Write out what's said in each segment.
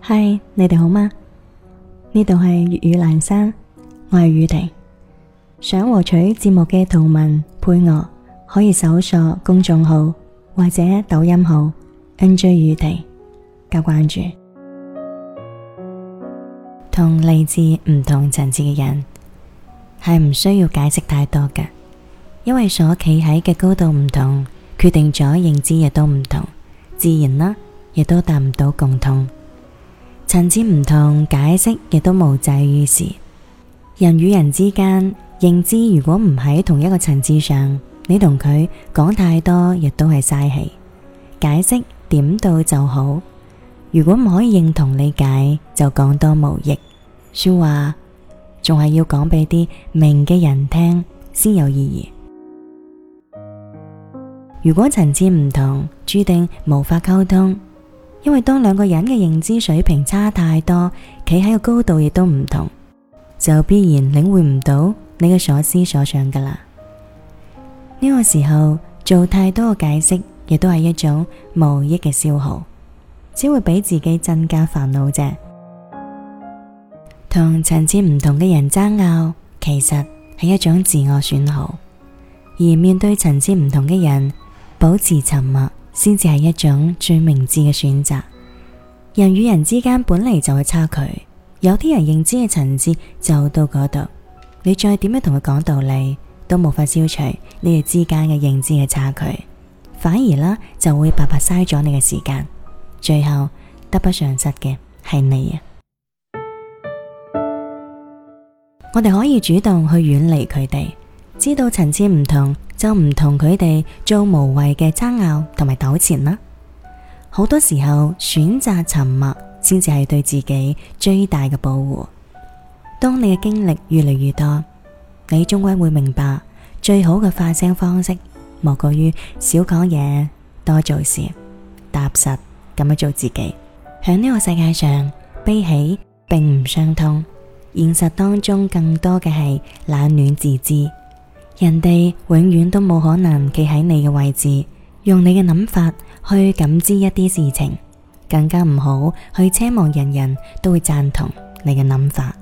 嗨，Hi, 你哋好嗎？呢度係粵語闌珊，我係宇婷。想獲取節目嘅圖文配樂，可以搜索公眾號或者抖音號 NJ 宇婷加關注。同嚟自唔同層次嘅人係唔需要解釋太多嘅，因為所企喺嘅高度唔同，決定咗認知亦都唔同，自然啦、啊，亦都達唔到共通。層次唔同，解釋亦都無濟於事。人與人之間，認知如果唔喺同一個層次上，你同佢講太多亦都係嘥氣。解釋點到就好。如果唔可以認同理解，就講多無益。說話仲係要講俾啲明嘅人聽先有意義。如果層次唔同，注定無法溝通。因為當兩個人嘅認知水平差太多，企喺個高度亦都唔同，就必然領會唔到你嘅所思所想噶啦。呢個時候做太多嘅解釋，亦都係一種無益嘅消耗，只會俾自己增加煩惱啫。同層次唔同嘅人爭拗，其實係一種自我損耗；而面對層次唔同嘅人，保持沉默，先至係一種最明智嘅選擇。人與人之間本嚟就會差距，有啲人認知嘅層次就到嗰度，你再點樣同佢講道理，都無法消除你哋之間嘅認知嘅差距，反而啦就會白白嘥咗你嘅時間，最後得不償失嘅係你啊！ 我哋可以主動去遠離佢哋，知道層次唔同。就唔同佢哋做無謂嘅爭拗同埋糾纏啦。好多時候選擇沉默先至係對自己最大嘅保護。當你嘅經歷越嚟越多，你終歸會明白最好嘅發聲方式，莫過於少講嘢，多做事，踏實咁樣做自己。響呢個世界上，悲喜並唔相通，現實當中更多嘅係冷暖自知。人哋永遠都冇可能企喺你嘅位置，用你嘅諗法去感知一啲事情，更加唔好去奢望人人都會贊同你嘅諗法。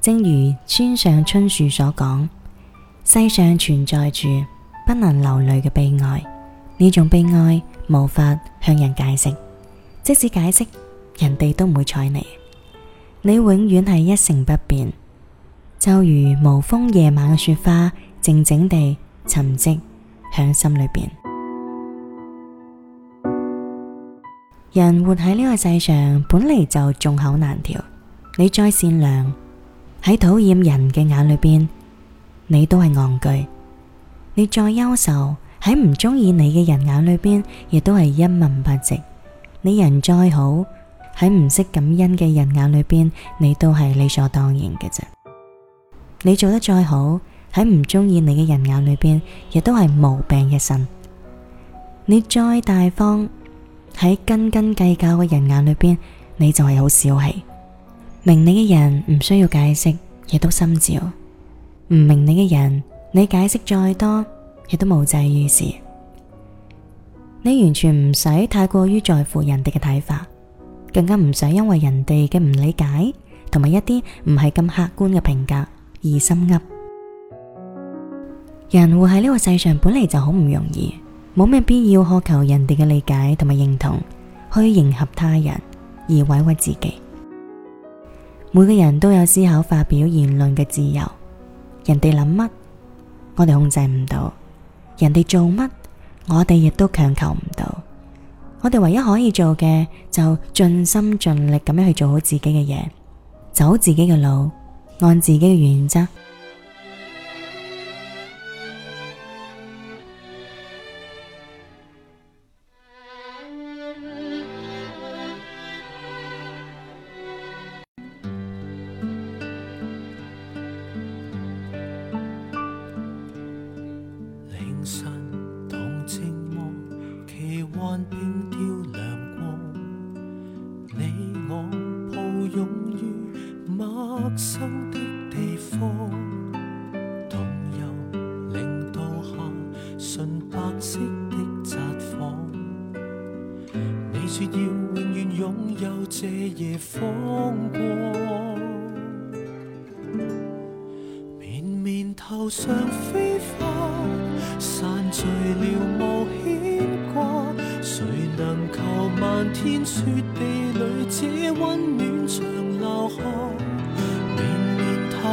正如村上春樹所講，世上存在住不能流淚嘅悲哀，呢種悲哀無法向人解釋，即使解釋，人哋都唔會睬你。佢永遠係一成不變。就如無風夜晚嘅雪花，靜靜地沉積響心裏邊。 人活喺呢個世上，本嚟就眾口難調。你再善良，喺討厭人嘅眼裏邊，你都係戇居；你再優秀，喺唔中意你嘅人眼裏邊，亦都係一文不值。你人再好，喺唔識感恩嘅人眼裏邊，你都係理所當然嘅啫。你做得再好，喺唔中意你嘅人眼裏邊，亦都係毛病一身。你再大方，喺斤斤計較嘅人眼裏邊，你就係好小氣。明你嘅人唔需要解釋，亦都心照；唔明你嘅人，你解釋再多，亦都無濟於事。你完全唔使太過於在乎人哋嘅睇法，更加唔使因為人哋嘅唔理解同埋一啲唔係咁客觀嘅評價。而心急，人活喺呢個世上本嚟就好唔容易，冇咩必要渴求人哋嘅理解同埋認同，去迎合他人而委屈自己。每個人都有思考、發表言論嘅自由，人哋諗乜，我哋控制唔到；人哋做乜，我哋亦都強求唔到。我哋唯一可以做嘅，就盡心盡力咁樣去做好自己嘅嘢，走自己嘅路。按自己嘅原則。 同遊零度下純白色的札幌，你説要永遠擁有這夜風光，綿綿頭上飛花，散聚了無牽掛。誰能求漫天雪地裏這溫暖？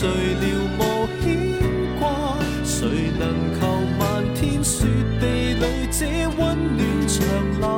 誰了無牽掛，誰能求漫天雪地裏這溫暖長留？